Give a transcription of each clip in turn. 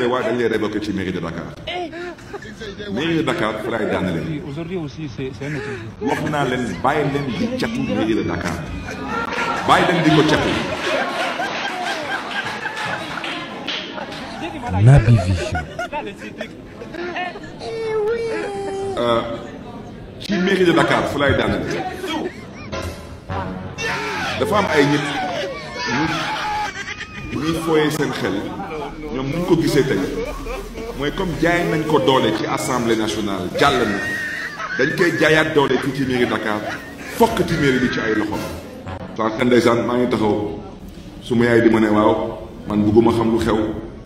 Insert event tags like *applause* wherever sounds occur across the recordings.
de waa dañ lay révoquer ci mairie de Dakar mairie de Dakar fa laay daanelee wax naa leen bàyyi leen di catu mairie de Dakar bàyyi leen di ko catu. Naby Vision. Euh, ci mairie de Dakar fa laay dafa am ay nit ñuy fooyee seen xel. ñoom ni ñu ko gisee tey mooy comme jaay nañ ko doole ci assemblée nationale jàll na dañ koy jaayaat doole fii ci mairie Dakar fokk ci mairie bi ci ay loxo. sànq ndeysaan maa ngi taxaw su ma yaay di ma ne waaw man bëgguma xam lu xew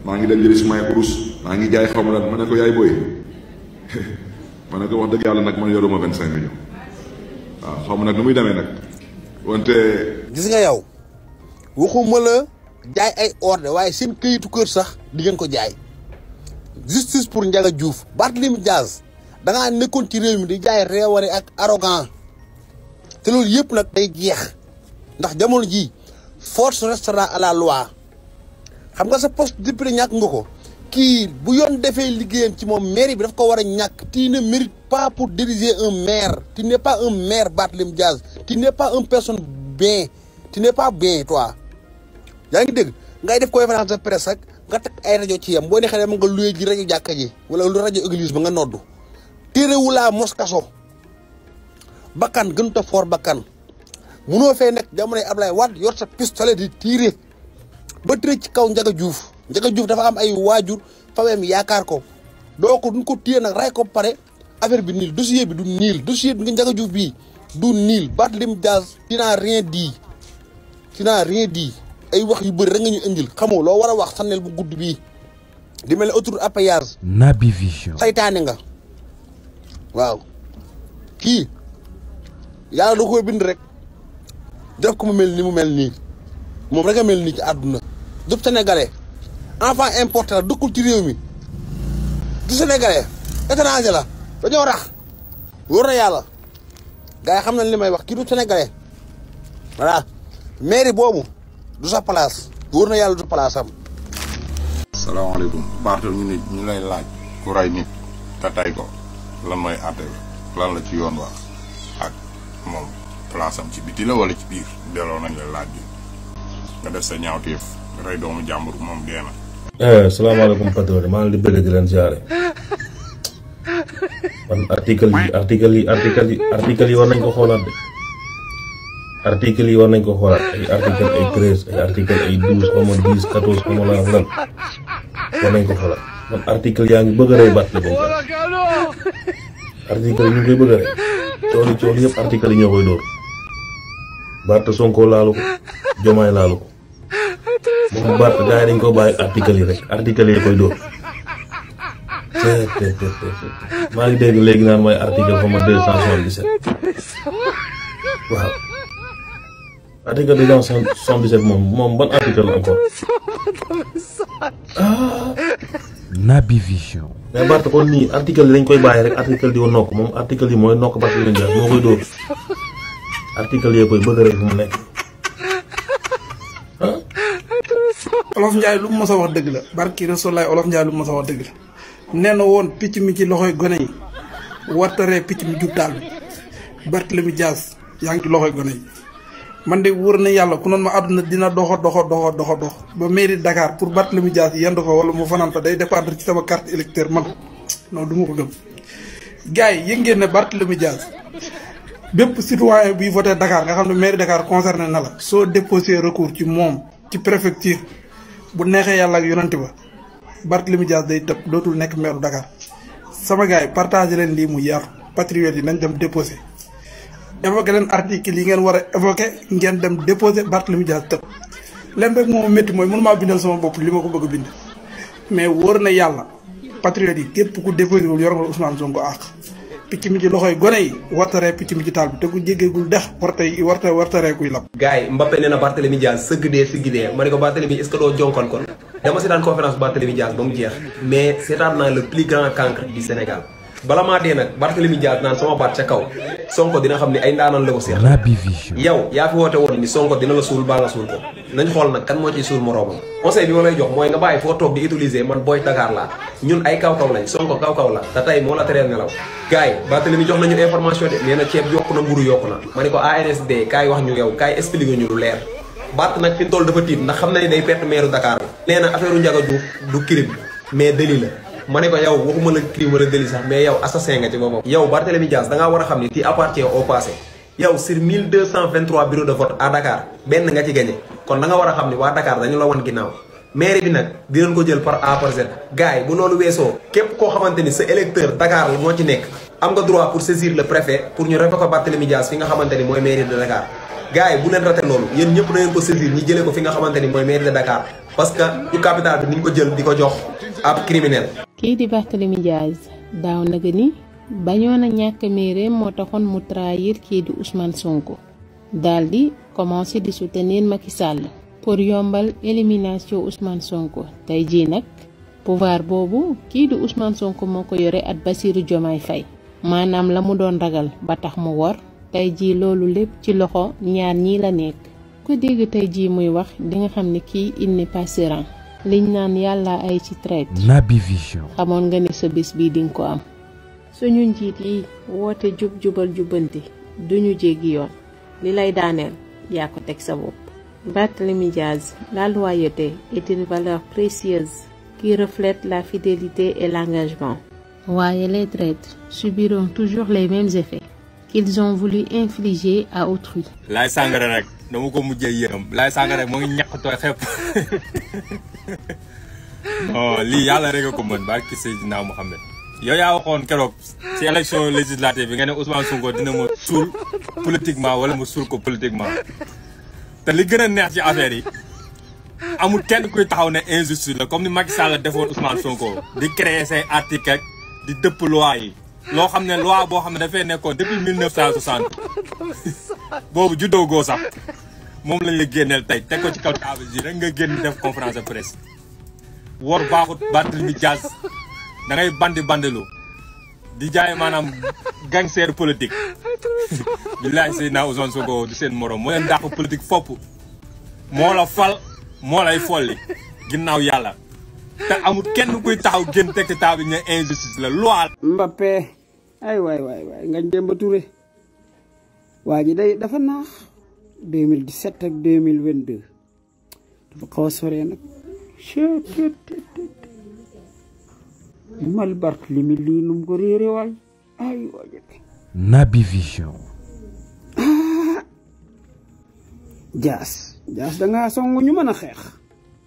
maa ngi dem jëli su ma yaay maa ngi jaay xaw ma lan ma ne ko yaay booy *laughs* ma ne ko wax dëgg yàlla nag man yoruma 25 millions waaw xaw ma nag nu muy demee nag wante. gis nga yow waxuma la. jaay ay ordre waaye seen këyitu kër sax di ngeen ko jaay justice pour Ndiaga Diouf Barthélémy jazz, da ngaa nekkoon ci réew mi di jaay réeware ak arrogant te loolu yëpp nag day jeex ndax jamono ji force restera à la loi xam nga sa poste député ñàkk nga ko kii bu yoon defee liggéeyam ci moom mairie bi daf ko war a ñàkk ne mérite pas pour diriger un maire tu n'es pas un maire Barthélémy jaz tu n'es pas un personne bien tu n'es pas bien toi yaa ngi dégg ngay def conférence de presse ak nga teg ay rajo ci yem boo neexee ne ma nga luye ji rajo jàkka ji wala lu rajo église ba nga noddu téerewulaa mos kaso bakkan gën ta foor bakkan munoo fee nekk jamonoy Ablaye Wade yor sa pistolet di tiire ba tëre ci kaw Njaga Juuf Njaga Juuf dafa am ay waajur faweem yaakaar ko doo ko duñ ko téye nag ray ko pare affaire bi niil dossier bi du niil dossier bi nga Njaga Juuf bi du niil Barthélémy Dias dinaa rien dit dinaa rien ay wax yu bari rek nga ñu indil xamoo loo war a wax sànneel bu gudd bii di mel ne autour à péage. Naby Vision. saytaane nga waaw kii yàlla da koo bind rek def ko mu mel ni mu mel nii moom rek a mel nii ci àdduna. du sénégalais enfant important la dëkkul ci réew mi du sénégalais étranger la dañoo rax wóor na yàlla gars yi xam nañ li may wax kii du sénégalais voilà mairie boobu. du sa place wóor na yàlla du place am. alaykum Barthé ñu ne ñu lay laaj ku ray nit ta tay ko lan moy àtte lan la ci yoon wax ak mom place am ci biti la wala ci bir delo nañ la laaj nga def sa ñaawteef ray doomu jambur mom dee eh salam alaykum maa ngi di beug di len ziaré *laughs* man article yi article article article yi war nañ ko xolal artikel iwan ko xolat eh, artikel ay ay eh, artikel ay douze xawma dix quatorze xawma lan lan war nañ ko xolat man article yaa ngi bëgg a rey baat la bon artikel ñu ngi koy Bat a rey coono coono yëpp article yi ñoo koy dóor baat sonko laalu ko jomaay laalu ko moom baat gars dañ ko bàyyi yi rek yi koy Artikel kan bilang sampai saya mom ban artikel encore. Nabi Vision. mais Barth kon artikel article kau dañ koy bàyyi rek article di ko nok moom article yi mooy nokk Barth Yurin Dia kau koy dóor article Allah koy bëgg rek mu nekk. Olof solai lu mu mos a wax dëgg la barki Rasulaay Olof Ndiaye lu Water pitch a wax dëgg la jas yang woon picc mi ci loxoy gone yi picc mi mi loxoy gone man de wóor nañ yàlla ku noonu ma àdduna dina doxa doxo doxa doxa dox ba mairie Dakar pour Barthélémy Dias yendu fa wala mu fanaan day dépendre ci sama carte électeur man non du ma ko gëm gars yi yëg ngeen ne Barthélémy Dias bépp citoyen buy voté dakaar nga xam ne mairie Dakar concerné na la soo déposé recours ci moom ci préfecture bu neexee yàlla ak yonante ba Barthélémy Dias day tëb dootul nekk maire Dakar sama gaay yi partagé leen lii mu yaatu yi nañ dem déposé évoqué leen article yi ngeen war a évoqué ngeen dem déposé Barthélémy Dias tëb leen rek moom métti li ma ko bëgg a bind mais ku déposé wul yor nga Ousmane Sonko àq picc mi ci loxoy gone yi wartaree picc mi ci taal bi te ku jéggeegul ba mu jeex mais seetaan naa le plus grand cancre du Sénégal bala maa dee nag Barthélemy Dias naan sama baat ca kaw Sonko dina xam ne ay ndaanaan la ko seex yow yaa fi woote woon ni Sonko dina la suul baa nga suul ko nañ xool nag kan moo ciy suul moroomam conseil bi ma lay jox mooy nga bàyyi foo toog di utiliser man booy Dakar laa ñun ay kaw-kaw lañ Sonko kaw-kaw la te tey moo la tereel nelaw gars yi Barthélemy jox nañu information de nee na ceeb yokku na mburu yokku na ma ne ko ANSD kaay wax ñu yow kaay leer Barth nag fi mu toll dafa xam na ne day perte maire Dakar na affaire u Ndiaga Diouf mais délit mané ko yow waxuma la crime wala délit sax mais yow assassin nga ci moom yow Barthélemy Dias da nga wara xamni ti appartient au passé yow sur 1223 bureaux de vote à Dakar ben nga ci gagné kon da nga wara xamni wa Dakar dañu la won ginnaw maire bi nak di ñu ko jël par A par Z gaay bu nonu weesoo képp ko xamanteni ni sa électeur Dakar mo ci nek am nga droit pour saisir le préfet pour ñu refe ko Barthélemy Dias fi nga xamanteni moy maire de Dakar gaay bu len raté lolu yeen ñepp na ngeen ko saisir ñi jëlé ko fi nga xamanteni moy maire de Dakar parce que du capital bi ñu ko jël diko jox ab criminel kii di Barthélemy Diaz daaw naga ni bañoon na ñàkk mairie moo taxoon mu trahir kii di Ousmane Sonko daal di commencé di soutenir Macky Sall pour yombal élimination usmaan Sonko tey jii nag pouvoir boobu kii di usmaan Sonko moo ko yore at Bassirou Diomaye Faye maanaam la mu doon ragal ba tax mu wor tey jii loolu lépp ci loxo ñaar ñi la nekk ku dégg tey jii muy wax di nga xam ne kii il n'est liñ naan yàlla ay ci traite nabi Vision xamoon nga ne sa bés bii di nga ko am suñu njiit yi woote jub jubal jubbanti duñu jéggi yoon li lay daaneel yaa ko teg sa bopp Battle Diaz la loyauté est une valeur précieuse qui reflète la fidélité et l'engagement waaye les traîtres subiront toujours les mêmes effets qu'ils ont voulu infliger à autrui La sàngara dama ko mujjee yërëm Laye Sangaré moo ngi ñàkk xepp *laughs* oh, lii yàlla rek ko mën barki Seydina Mouhamed yow yaa waxoon keroog ci élection législative bi nga ne Ousmane Sonko dina ma suul politiquement wala ma suul ko politiquement te li gën a neex ci affaire yi amul kenn kuy taxaw ne injustice la comme ni Macky Sall defoon Ousmane Sonko di créer say article di dëpp loi yi loo xam ne loi boo xam ne dafay nekkoon depuis mille cent soixante boobu juddoo goo sax moom lañ la génneel tey teg ko ci kaw table ji rek nga génn def conférence de presse wor baaxut Barthélémy Dias da ngay bandi bandilu di jaay maanaam gangster politique billaay Seydina Ousmane Sonko di seen morom moo leen dàq politique fopp moo la fal moo lay folli ginnaaw yàlla te amul kenn kuy taxaw génn teg ci table ñu injustice la loi ay way way waay Ngagne Demba Touré waji day dafa nax 2017 ak 2022 dafa xaw a soree nag mal Barthélemy lii num ko réere waay ay waay Vision ah! jaas jaas dangaa songu ñu mëna xex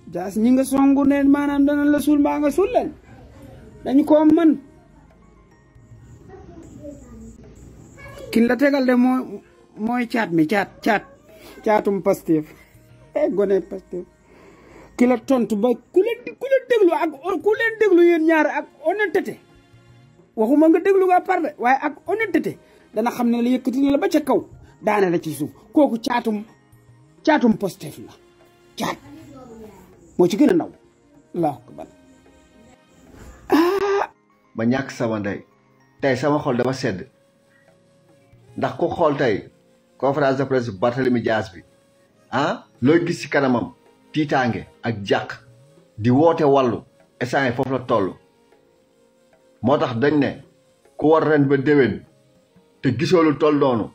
jas ñi nga songu neen maanaam dana la sul ma nga suul dañ ko man kin la tegal de mooy caat mi caat caat caatum Pastef eh, gone Pastef ki la tontu ba ku leen ku leen ak ku leen déglu yéen ñaar ak honnêteté waxuma nga déglu nga par de waaye ak honnêteté dana xam ne la yëkkati na la ba ca kaw daane la ci suuf kooku caatum caatum Pastef la caat moo ci gën a ndaw allahu akbar ba ah! ñàkk sama ndey tey sama xol dafa sedd ndax ku xool tey conférence de presse bi Barthélemy bi ah looy gis ci kanamam tiitaange ak jàq di woote wàllu instant yi foofu la toll moo tax dañ ne ku wor ren ba déwén te gisoolu toll noonu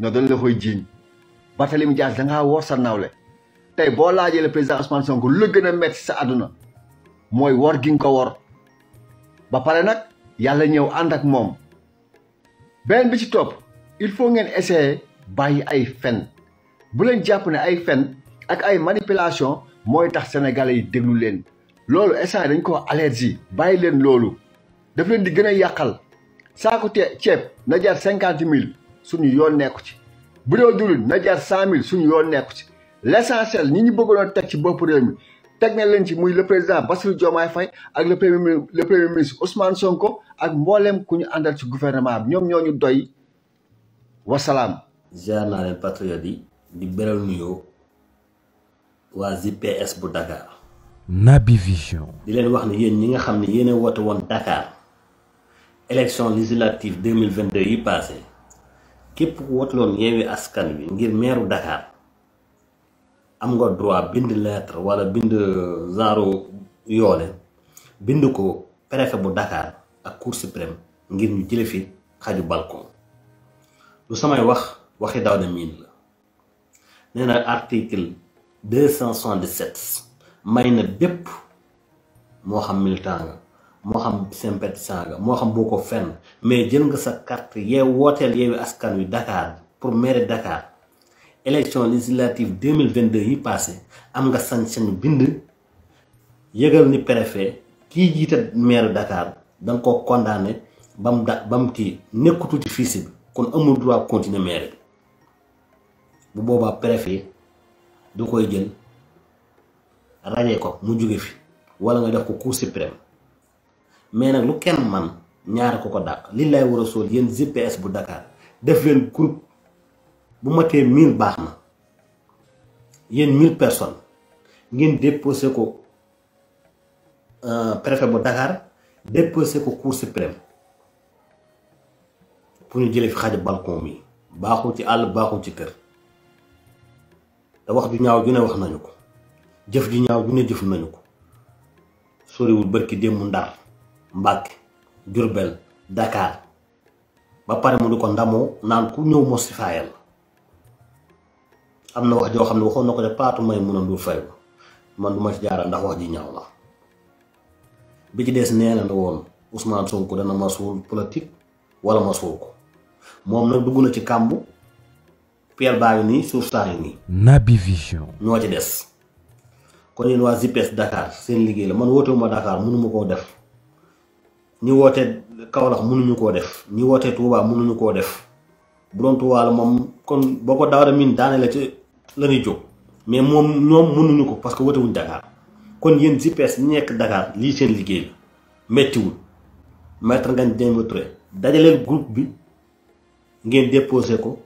ñoo dañ la koy jiiñ Barthélemy Dias da ngaa wor sa nawle tey boo laajee le président Ousmane Sonko lu gën a metti sa àdduna mooy wor gi nga ko wor ba pare nag yàlla ñëw ànd ak moom beneen bi ci topp il faut ngeen essayer bàyyi ay fen bu leen jàpp ne ay fen ak ay manipulation mooy tax sénégalais yi déglu leen loolu instant dañ ko allergie bàyyi leen loolu daf leen di gën a yàqal saako ceeb na jar cinquante mille suñu yoon nekku ci bu dee diwlin na jar cent suñu yoon nekku ci l'essentiel ñi ñu bëggoon a teg ci bopp réew mi teg na ci le président Bassirou Diomaye Faye le premier ministre Ousmane Sonko ak mbollem ku ñu ci gouvernement bi doy patriote di beral bu Dakar. Vision. di len wax ni yeen ñi nga xamni Dakar élection législative 2022 yi passé képp Dakar. am nga droit bind lettre wala bind genre yoole bind ko préfet bu Dakar ak cour suprême ngir ñu jële fi xaju balcon lu samay wax waxi Daouda Mine la nee na cent soixante-dix-sept may na bépp moo xam militant nga moo xam sympathisant nga moo xam boo ko fenn mais jël nga sa carte yee wooteel yeewi askan wi Dakar pour mairie Dakar élection législative 2022 yi passé am nga sañ-sañu bind yëgal ni préfet kii jiita maire Dakar danga ko condamné ba mu da ba mu nekkutu ci fiis kon amul droit continuer maire bi bu boobaa préfet du koy jël rajee ko mu jóge fi wala nga def ko cour suprême mais nag lu kenn man ñaar ko ko dàq li lay war a sool yéen GPS bu Dakar def leen groupe bu matee mille baax na yéen mille personnes ngeen déposé ko euh, préfet bu Dakar déposé ko cour suprême pour ñu jëlee fi xaaju balcon bi baaxul ci àll baaxul ci kër te wax ju ñaaw ju ne wax nañu ko jëf ju ñaaw ju ne jëf nañu ko soriwul bërki démb Ndar mbakk Jurbel Dakar ba pare mu di ko ndamoo naan ku ñëw moo si faayal am na wax joo xam ne waxoon na ko ne Paatu May Muna Ndour Faye man du ma ci jaaral ndax wax ji ñaaw la bi ci des nee na ne woon Ousmane Sonko dana ma suul politique wala ma suul ko moom na dugg na ci kàmb Pierre baa ngi nii suuf saa ngi nii. Naby Vision. ñoo ci des kon yéen waa ZIPES Dakar seen liggéey la man wootewuma Dakar mënuma koo def ñi woote Kaolack mënuñu koo def ñi woote Touba mënuñu koo def bu doon moom kon boo ko daaw min la jóg mais moom ñoom mënuñu ko parce que wotewuñ Dakar kon yéen GPS ñi nekk Dakar lii seen liggéey la méttiwul maître Ngagne Demba Touré dajaleel groupe bi ngeen déposé ko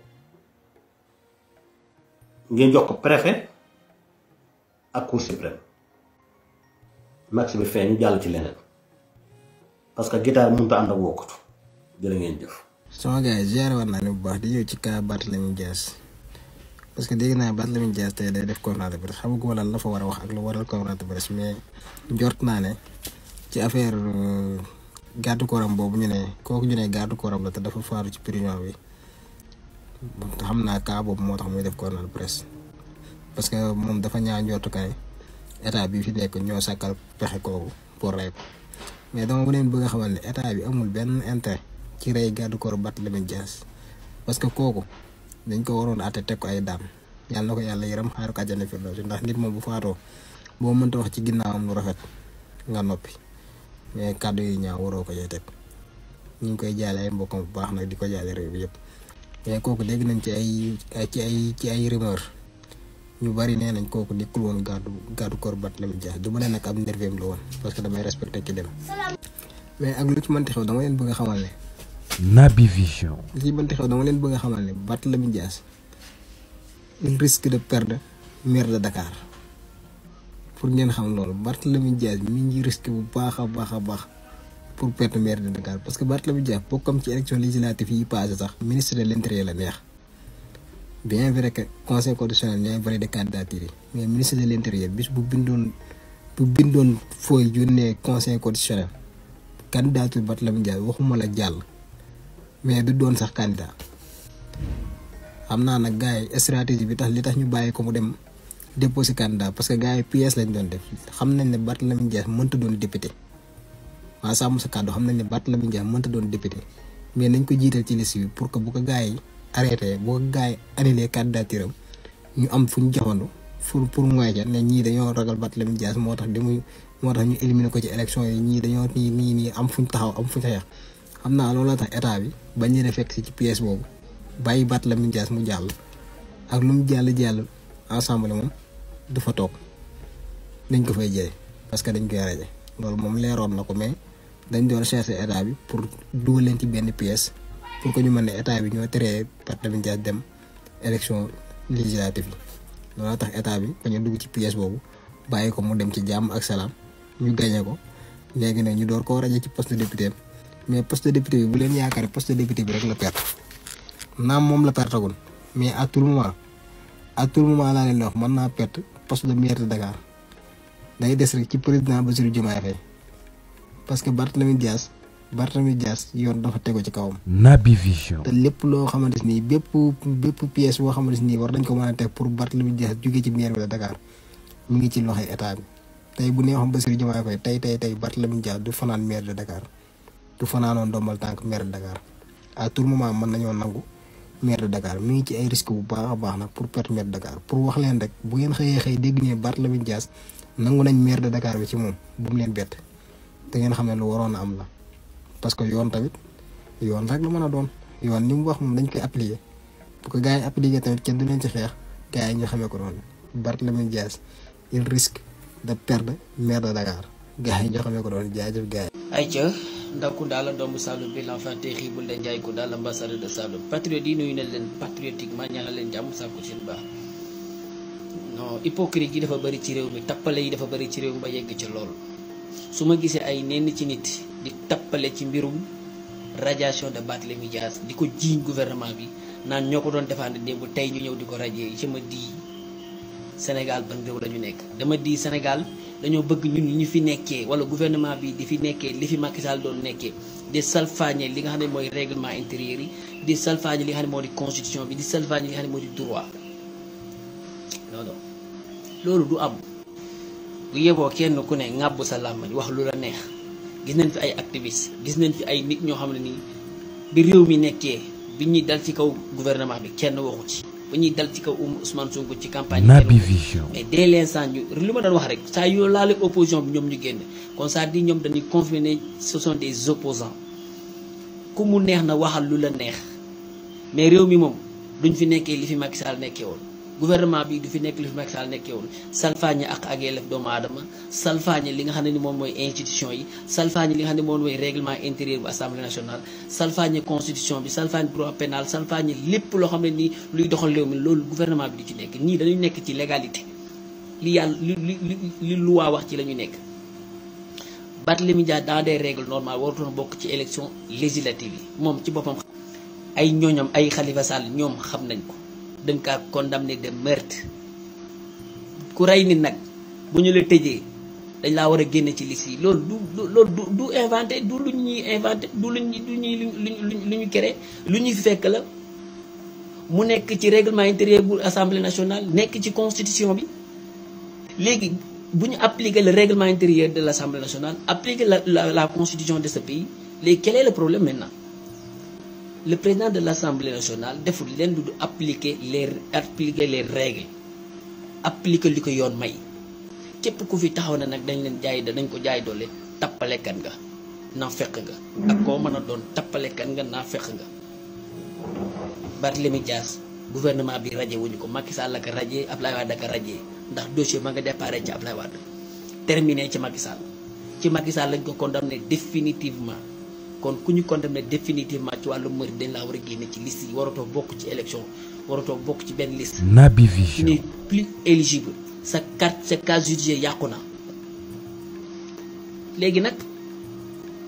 ngeen jox ko préfet ak cour suprême max bi fee ñu jàll ci leneen parce que guitare mënut a ànd ak wokkatu jërë ngeen jëf. sama gars yi war naa ne bu baax di ñëw ci kaa Barthélémy Dias parce que dégg naa baat Lamine Dias tey day def conférence de presse xamagu ma la fa war a wax ak lu waral conférence de presse mais njort naa ne ci affaire gàddu kooram boobu ñu ne kooku ñu ne gàddu kooram la te dafa faaru ci prison bi xam naa cas boobu moo tax muy def conférence de presse parce que moom dafa ñaa kay état bi fi nekk ñoo sàkkal pexe kooku pour rey ko mais dama leen bëgg a xamal ne état bi amul benn intérêt ci rey gàddu bat la Lamine Dias parce que kooku. dañ ko waroon àtte teg ko ay daan yàlla na ko yàlla yërëm xaar ko àjjana firdawsi ndax nit moom bu faatoo boo mënta wax ci am lu rafet nga noppi mais kàddu yi ñaaw waroo ko cay teg ñu ngi koy jaale ay mbokkam bu baax nag di ko jaale réew bi yëpp mais kooku dégg nañ ci ay ci ay ci ay rumeur ñu bari nee nañ kooku nekkul woon gàddu gàddu corps Barthélémy Dias du ma ne nag ab nerveem la woon parce que damay respecté ki dem mais ak lu ci mënti xew dama leen ne naa bi Vision. li ci bënti xew dama leen bëgg a xamal ne Barthélémy Dias il risque de perdre maire de Dakar pour ngeen xam loolu Barthélémy Dias mi ngi risque bu baax a baax a baax pour perdre maire de Dakar parce que la Barthélémy Dias bokkam ci élection législative yi passé sax ministre de l'intérieur la neex bien vrai que conseil constitutionnel ñooy validé candidature yi mais ministre de l'intérieur bis bu bindoon bu bindoon fooy yónnee conseil constitutionnel candidature Barthélémy Dias waxuma la jàll. mais du doon sax candidat xam naa nag gars yi stratégie bi tax li tax ñu bàyyi ko mu dem déposé candidat parce que gars yi PS lañ doon def xam nañ ne Barthélémy Dias mënta doon député waaw sàmm sa xam nañ ne Barthélémy Dias mënta doon député mais nañ ko jiital ci liste bi pour que bu ko gars yi arrêté bu ko gars yi annulé candidature ñu am fu ñu joxandu pour pour mu waay ne ñii dañoo ragal Barthélémy Dias moo tax di muy moo tax ñu éliminé ko ci élection yi ñii dañoo nii nii nii am fuñ taxaw am fuñ xeex amna naa loola tax état bi bañ leen fekk ci pièce bobu bayyi bat la min jass mu jall ak lu mu jall jall ensemble mom du fa tok dañ ko fay jé parce que dañ ko yaraje lolou mom léron nako mais dañ doon chercher état bi pour dugal ci ben pièce pour ko ñu mëne état bi ño téré bat la min jass dem élection législative yi loolu tax état bi bañ dugg ci pièce bobu bayyi ko mu dem ci jàmm ak salam ñu gagné ko légui nag ñu door koo raje ci poste député mais poste de député bu len yaakaar poste de député bi rek la perte naam mom la pertagul mais à tout moment à tout moment laa leen wax man na perte poste de maire de Dakar day dess rek ci président Bassirou Diomaye fay parce que Barthélemy Dias Barthélemy Dias yone dafa teggo ci kawam. Naby Vision. te lepp lo xamanteni ni bepp pièce bo xamanteni ni war dañ ko mëna tek pour Barthélemy Dias jóge ci maire de Dakar mi ngi ci loxé état bi tay bu neexoon Bassirou Diomaye fay tay tay tay Barthélemy Dias du fanaan maire de Dakar. du fanaanoon ndombal tànk maire de Dakar à tout mën nañoo nangu maire de Dakar mi ngi ci ay risque bu baax a baax nag pour perte maire Dakar pour wax leen rek bu ngeen xëyee xëy dégg ne Barthélémy jaas nangu nañ maire de Dakar bi ci moom bu mu leen bett te ngeen xam ne lu waroon a am la parce que yoon tamit yoon rek lu mën a doon yoon ni mu wax moom dañ koy appliquer bu ko gars yi appliquer tamit kenn du leen ci xeex gars yi ñu xamee ko noonu Barthélémy Dias il risque de perdre maire de Dakar gars yi ñu xamee ko doon jaajëf gars yi. Ndakunda la doomu Saloum bi l'enfant terrible de Ndiaye Kounda l'ambassadeur de Saloum patriote yi nuyu na leen patriotiquement ñaanal leen jàmm sàkku ci lu baax non hypocrite yi dafa bëri ci réew mi tappale yi dafa bëri ci réew mi ba yegg ci loolu su ma gisee ay nenn ci nit di tappale ci mbirum radiation de Barthélémy Dias di ko jiiñ gouvernement bi naan ñoo ko doon défendre démb tey ñu ñëw di ko radier je me dis Sénégal ban réew lañu ñu dama di Sénégal dañu bëgg ñun ñu fi nekkee wala gouvernement bi di fi nekkee li fi Macky Sall doon nekkee di salfañé li nga xam moy règlement intérieur yi di salfaañe li nga xam ne constitution bi di salfaañe li nga xam ne droit non non loolu du am bu yeboo kenn ku ne ŋàbb sa làmmañ wax lu la neex gis nañ fi ay activistes gis nañ fi ay nit ñoo xam ni bi réew mi nekkee bi ñi dal ci kaw gouvernement bi kenn waxu ci ba ñuy dal ci kaw Ousmane Sonko ci campagne. Naby Vision mais dès l'instant ñu li ma doon wax rek saa yoo laale opposition bi ñoom ñu génn kon ça dit ñom dañuy confirmer ce sont des opposants ku mu neex na waxal lu la neex mais réew mi moom duñ fi nekké li fi Macky Sall nekkee woon. gouvernement bi du fi nekk li fi Macky Sall nekkee woon salfaañi ak ak yelleef doomu aadama salfaañi li nga xam ne ni moom mooy institution yi salfaañi li nga xam ne moom mooy règlement intérieur bu assemblée nationale salfaañi constitution bi salfaañi droit pénal yi lépp loo xam ne ni luy doxal réew mi loolu gouvernement bi du ci nekk ñii dañuy nekk ci légalité li yàlla li li li waa wax ci la ñu nekk Barthélémy Dias dans des règles normales warutoon bokk ci élection législative yi moom ci boppam ay ñooñam ay Khalifa Sall ñoom xam nañ ko dañ condamné de meurtre ku rey nit nag bu ñu la tëjee dañ la wara a ci lisi lool du du du inventé du lu ñuy inventé du lu ñuy lu ñuy lu créé lu fekk la mu nekk ci règlement intérieur bu assemblée nationale nekk ci constitution bi légui buñu appliquer le règlement intérieur de l'Assemblée nationale appliquer la la la constitution de ce pays les quel est le problème maintenant le président de l'Assemblée nationale deful les appliquer les règles appliquer les may képp ku fi taxaw na dañ jaay dañ ko jaay nga nga ak On a doon tappalekan nga nga gouvernement bi rajee ko Macky Sall ak Wade ak ndax dossier ma nga déparé ci Ablaye Wade terminé ci Macky ci lañ ko condamné définitivement kon ku ñu condamné définitivement ci wàllu mbër dañ laa war a génne ci liste yi waratoo bokk ci élection waratoo bokk ci benn liste. Naby Vision ni plus éligible sa carte sa case judiciaire yàqu na. léegi nag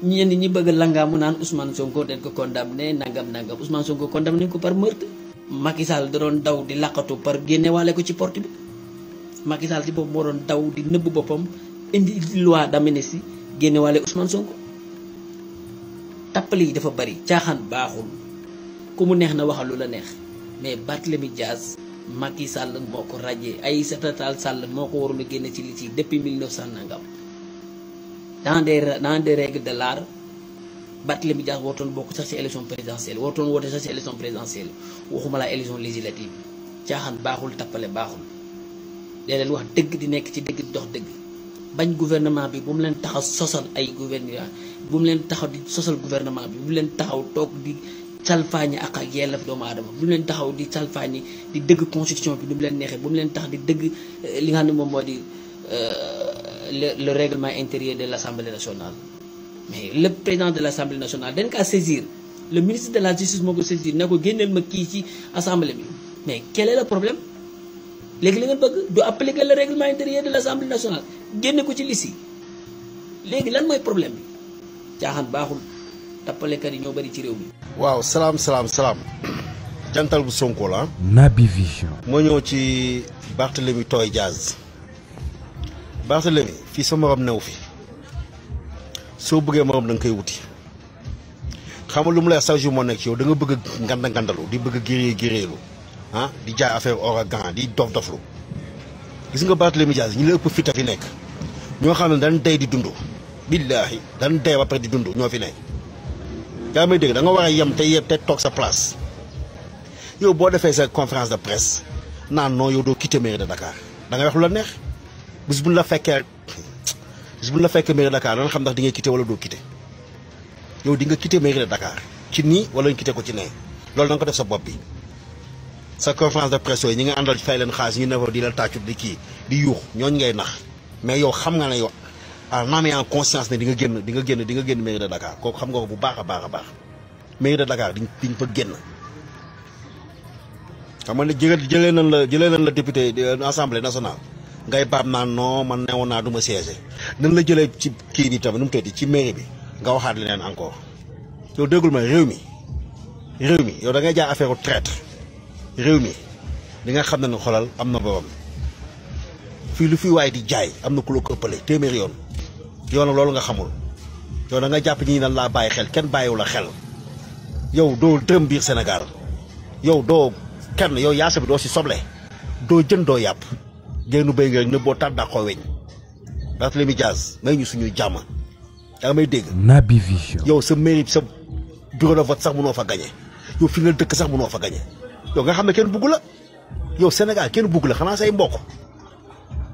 ñenn ñi bëgg langaamu naan Ousmane Sonko dañ ko condamné nangam nangam Ousmane Sonko condamné ko par meurtre. Macky Sall da doon daw di laqatu par génnewaale ko ci port bi Macky Sall ci boppam moo doon daw di nëbb boppam indi loi d'amnistie génnewaale Ousmane Sonko. tappale yi dafa bari caaxaan baaxul ku mu neex na waxal lu la neex mais jaas Dias Macky Sall moo ko ràjjee ay Tall Sall moo ko waroon a génne ci li ci depuis 1900 nangam dans des dans des règles de l'art Barthélemy Dias wartoon bokk sax ci élection présidentielle wartoon woote sax ci élection présidentielle waxuma laa élection législative caaxaan baaxul tappale baaxul dee leen wax dëgg di nekk ci dëgg di dox dëgg bañ gouvernement bi bu len taxaw sosal ay gouvernement bu len taxaw di sosal gouvernement bi bu len taxaw tok di salfaañi ak ak yelef do ma adam mu len taxaw di salfaañi di deug constitution bi dum len nexé neexee len tax di deug eh, li nga xam ne moom moo eh, le règlement intérieur de l'assemblée nationale mais le président de l'assemblée nationale dañ ka saisir le ministre de la justice moko saisir nako gennel ma ki ci assemblée bi mais quel est le problème léegi li nga bëgg du appliquer le règlement intérieur de l'assemblée nationale génne ko ci lisi légui lan moy problème bi caaxaan baaxul tappalekat yi ñoo bari ci réew mi waaw salam salam salam jantal bu sonko la nabi vision mo ñoo ci barthélemy toy jazz barthélemy fi sa morom new fi so bëggé morom da nga koy wuti xam lu mu lay chaque mo nek ci yow da nga bëgg ngand ngandalu di bëgg géree géreelu ha, di jaay affaire ouragan di dof doflu gis nga Barthélémy Dias ñi la ëpp fit a fi nekk ñoo xam ne dañ day di dund billaahi dañ day ba pare di dund ñoo fi ne yaa may dégg da nga war a yem te yeb toog sa place yow boo defee sa conférence de presse naan non yow doo quitté mairie de Dakar da nga wax la neex bis buñ la fekkee bis la fekkee mairie de Dakar dana xam ndax di ngay quitté wala doo quitté yow di nga quitté mairie de Dakar ci nii wala ñu ko ci nee loolu da ko def sa bopp bi sa conférence de presse nga andal fay len ñu ne di di mais yow xam nga ah, en conscience de Dakar xam nga de Dakar fa député de euh, l'Assemblée nationale ngay Nous non man la ci ci bi nga leneen encore yow Nous ma mi yow da ngay jaar affaire traître réew mi di nga xam ne ne xolal am na borom fii lu fi waaye di jaay am na ku ko ëppale téeméeri yoon yow loolu nga xamul yow da nga jàpp ñii nan laa bàyyi xel kenn bàyyiwu la xel yow doo dërëm biir Sénégal yow doo kenn yow yaasa bi doo si soble doo jën doo yàpp génnu béy nga nëbboo tàddaa koo weñ Barthélémy Dias may ñu suñuy jàmm da may dégg Naby Vision yow sa mairie sa bureau de vote sax mënoo fa gañe yow fi nga dëkk sax mënoo fa gañe yow nga xam ne kenn bugg la yow Sénégal kenn bugg la xanaa say mbokk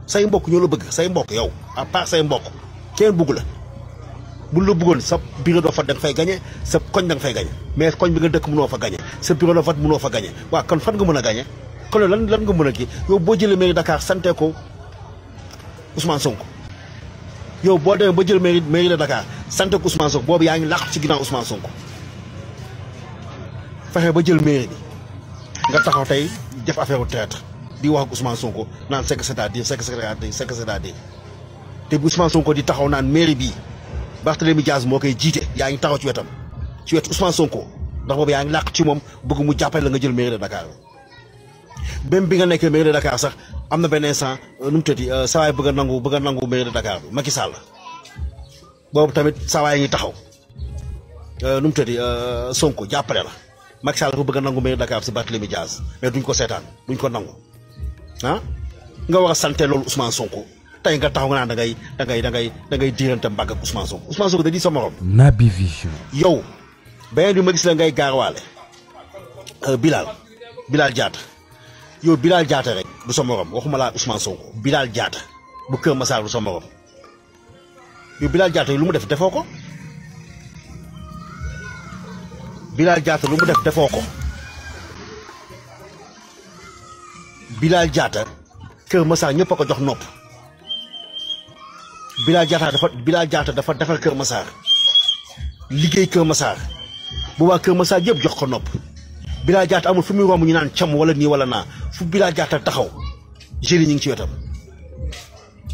say mbokk ñoo la bëgg say mbokk yow à part say mbokk kenn bugg la buñ la bëggoon sa bureau de vote da fay gañe sa koñ da fay gañe mais koñ bi nga dëkk mënoo fa gañe sa bureau de vote fa gañe waa kon fan nga mën a gañe kon lan lan nga mën a kii yow boo jëlee mairie dakaar sante ko Ousmane Sonko yow boo demee ba jël mairie mairie de Dakar sante ko Ousmane boobu yaa ngi làq ci ginnaaw Ousmane Sonko ba jël mairie bi nga taxaw tey def affaire au bi di wax ak Sonko naan c'est que c'est-à-dire c'est que c'est-à-dire te bu Ousmane Sonko di taxaw naan mairie bii Barthélémy jaas moo koy jiite yaa ngi taxaw ci wetam ci wetu Ousmane Sonko ndax boobu yaa ngi làq ci moom bëgg mu jàppale la nga jël mairie de Dakar même bi nga nekkee mairie de Dakar sax am na benn instant euh, nu mu tëddi euh, saa waay bëgg a nangu bëgg a nangu mairie de Dakar bi Macky Sall boobu tamit saa waay ngi taxaw euh, nu mu tëddi Sonko jàppale la. Macky Sall bu bëgg nangu maire Dakar si Barthélemy Diaz mais duñ ko sétane duñ ko nangu ah nga wara santé sante Ousmane Sonko tay nga taxaw nga naan da ngay da ngay ngay ngay diirante mbag ak Ousmane Sonko Ousmane Sonko da di sama rom Nabi Vision. yow bayen du magis gis la ngay euh, Bilal Bilal Diatta yow Bilal Diatta rek du sama rom waxuma la Ousmane Sonko Bilal Diatta bu keur massa du sama rom yow Bilal Diatta lu mu def defoko Bilal Diatta lu mu def defoo ko Bilal Diatta Kër massa ñëpp ko jox nopp Bilal Diatta dafa Bilal Diatta dafa defal keur massa liggey keur massa bu wa keur massa yeb jox ko nopp Bilal Diatta amul fu muy romb ñu naan cam wala ni wala na fu Bilal Diatta taxaw jeunes ñing ci wetam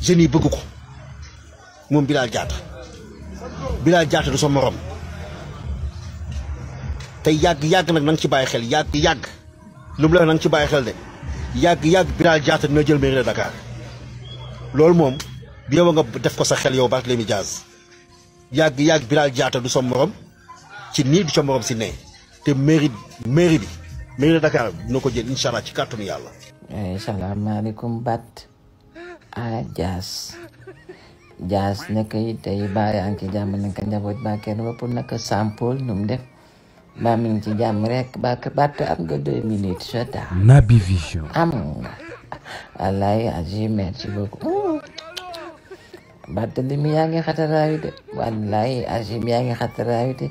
jeni bëgg ko mom Bilal Bilal du sama te yag yag nak na ci baye xel yag yag lum la na ci baye xel de yag yag Biral jatt dina jël mairie de Dakar lol mom bi yow nga def ko sa xel yow lemi jazz yag yag Biral jatt du som morom ci ni du som morom ci ne te mairie mairie bi mairie de Dakar noko jël inshallah ci carton yalla yàlla. Eh, salaamaaleykum Bat a jazz jazz nekay tay baye anki yaa ngi ci ba ken njaboot nak sample num def. mbaa mi ngi ci jàmm rek ba bàtt am nga deux yaa ngi xataraayu de wallaahi aji yaa ngi xataraayu de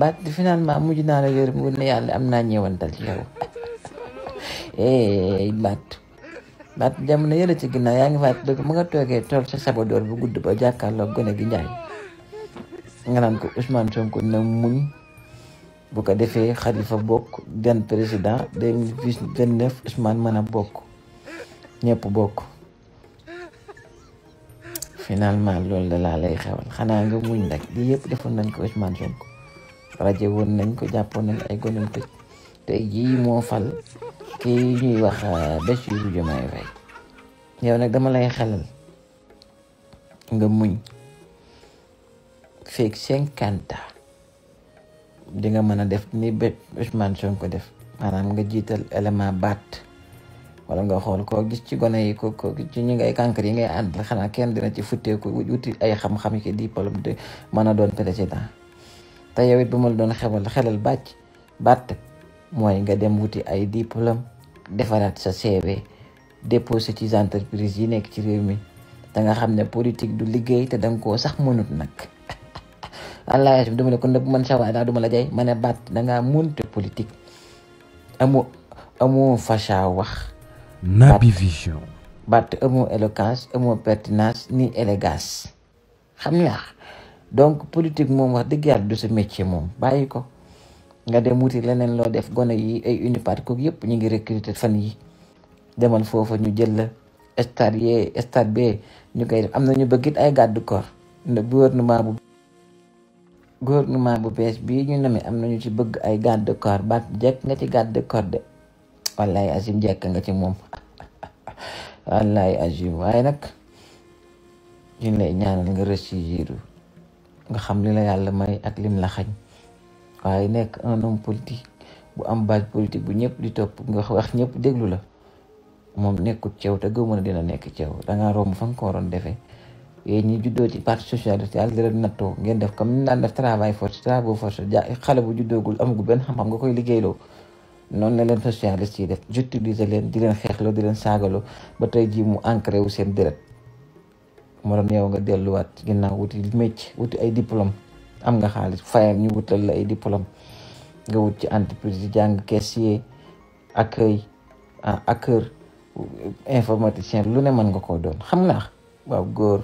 bàtt finalement mujj naa la yërëm mu ne yàlla am naa ñëwantal ci yow. eh bàtt bàtt jamono yële ci ginnaaw yaa ngi fàttali ko mu nga toogee tool sa sabadoor bu gudd ba jàkkaarloo gone gi njaay nga naan ko Ousmane Sonko na muñ. bu ko defee xalifa bokk benn président 2029 Ousmane mën a bokk ñëpp bokk finalement loolu da laa lay xewal xanaa nga muñ nag lii yëpp defoon nañ ko Ousmane Sonko rajo woon nañ ko jàppoon nañ ay gonam tëj tey jii moo fal kii ñuy wax euh, Bassirou Diomaye Faye yow nag dama lay xelal nga muñ feeg cinquante di nga mën a def ni bé Ousmane def maanaam nga jiital élément baat wala nga xool koo gis ci gone yi ko ko ci ñu ngay yi ngay àndal xanaa kenn dina ci futteeku wuti ay xam-xam ki diplôme de mën a doon président te yow it bu ma doon xewal xelal bàcc baat mooy nga dem wuti ay diplôme defaraat sa CV déposer ci entreprise yi nekk ci réew mi da nga xam ne politique du liggéey te danga koo sax mënut nag enlayage bi dama la ko nëbb man sawaay daa duma la jay ma ne baat dangaa monte politique amoo amoo facha wax Naby Vision baat amoo éloquence amoo pertinence ni élégance xam nga donc politique moom wax dëgg yàlla du sa métier moom bàyyi ko nga dem wuti leneen loo def gone yi ay eh, unipat kook yëpp ñu ngi recruter fan yi demal foofa ñu jël la stade yee stade bee ñu koy am na ñu bëgg it ay garde corps ne gouvernement bu gouvernement bu bees bi ñu nemi am nañu ci bëgg ay garde de corps ba jek nga ci garde de corps de wallahi azim jek nga ci mom *laughs* wallahi azim way nak ñu né ñaanal nga réussir nga xam li la yalla may ak lim la xagn way nek un homme politique bu am baaj politique bu ñepp di top nga wax ñepp deglu la moom nekkut ceew te gëw na nek dina nekk da nga romb fa ko waroon defee yooyu ñi juddoo ci parti socialiste yàlla di leen nattoo ngeen def comme ni daan def travail force travail force ja xale bu juddoogul amagul benn xam-xam nga koy liggéeyloo noonu la leen socialiste yi def j'utilise leen di leen xeexloo di leen saagaloo ba tey jii mu ancré wu seen deret moo doon yow nga delluwaat ginnaaw wuti métier wuti ay diplôme am nga xaalis fayal ñu wutal la ay diplôme nga wut ci entreprise di jàng caissier accueil ah, acteur informaticien lu ne mën nga koo doon xam naa waaw góor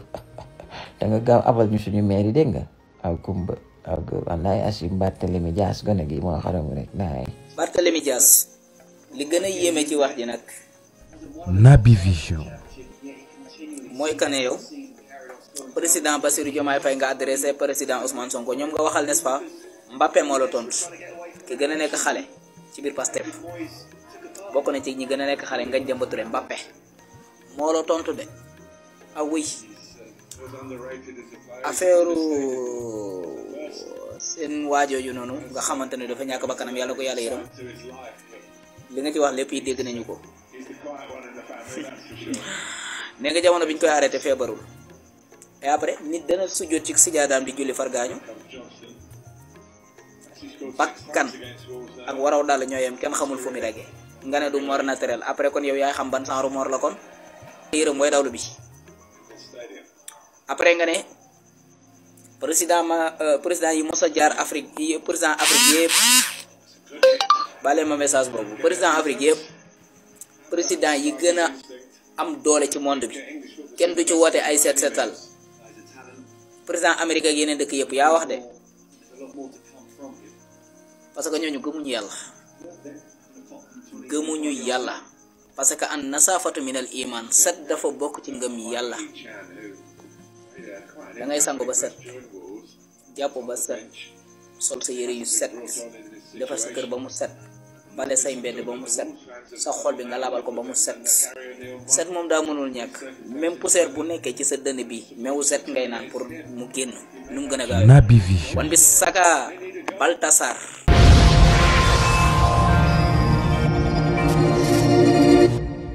*laughs* da nga gaaw abal ñu suñu mairie dégg nga waaw kumba waaw góor wallaay asim Barthélemy Dias gone gi moo xaramu rek naay Barthélemy Dias li gën a yéeme ci wax ji nag Naby Vision mooy kane yow président Bassirou Diomaye Faye nga adressé président Ousmane Sonko ñoom nga waxal nest pas Mbappé moo la tontu ki gën a nekk xale ci biir Pastef bokk na ci ñi gën a nekk xale ngañ jëmbature Mbappé moo la tontu de away affaire euh, sen wajjo waajooju nonu nga xamantene dafa ñak bakkanam yalla ko yalla yeeram li nga ci wax lepp yi deg nañu ko *laughs* ne nga jamono biñ koy arrêté feebarul et après nit dana sujjóot ci sidiadam di julli fargaañu bakkan ak waraw dal ñoo ken xamul fu mi dagee nga ne du mor naturel après kon yow yaay xam ban genre mor la kon yeeram mooy dawlu bi après nga ne président ma eh, président yi mos jaar Afrique yi président Afrique yépp balé ma message bobu président Afrique yépp président yi gëna am doole ci monde bi kenn du ci woote ay seet seetal président Amérique ak yeneen dëkk yépp yaa wax de parce que ñooñu gëmuñu yàlla gëmuñu yàlla parce que an nasafatu min al iman set dafa bokk ci ngëm yàlla da ngay sangu ba set jàpp ba set sol sa yére yu set defar sa kër ba mu set bale say mbedd ba mu set sa xol bi nga laabal ko ba mu set set moom daa mënul ñàkk même poussière bu nekkee ci sa dënn bi meewu set ngay naan pour mu génn nu mu gën a gaaw Naby Vision wan bi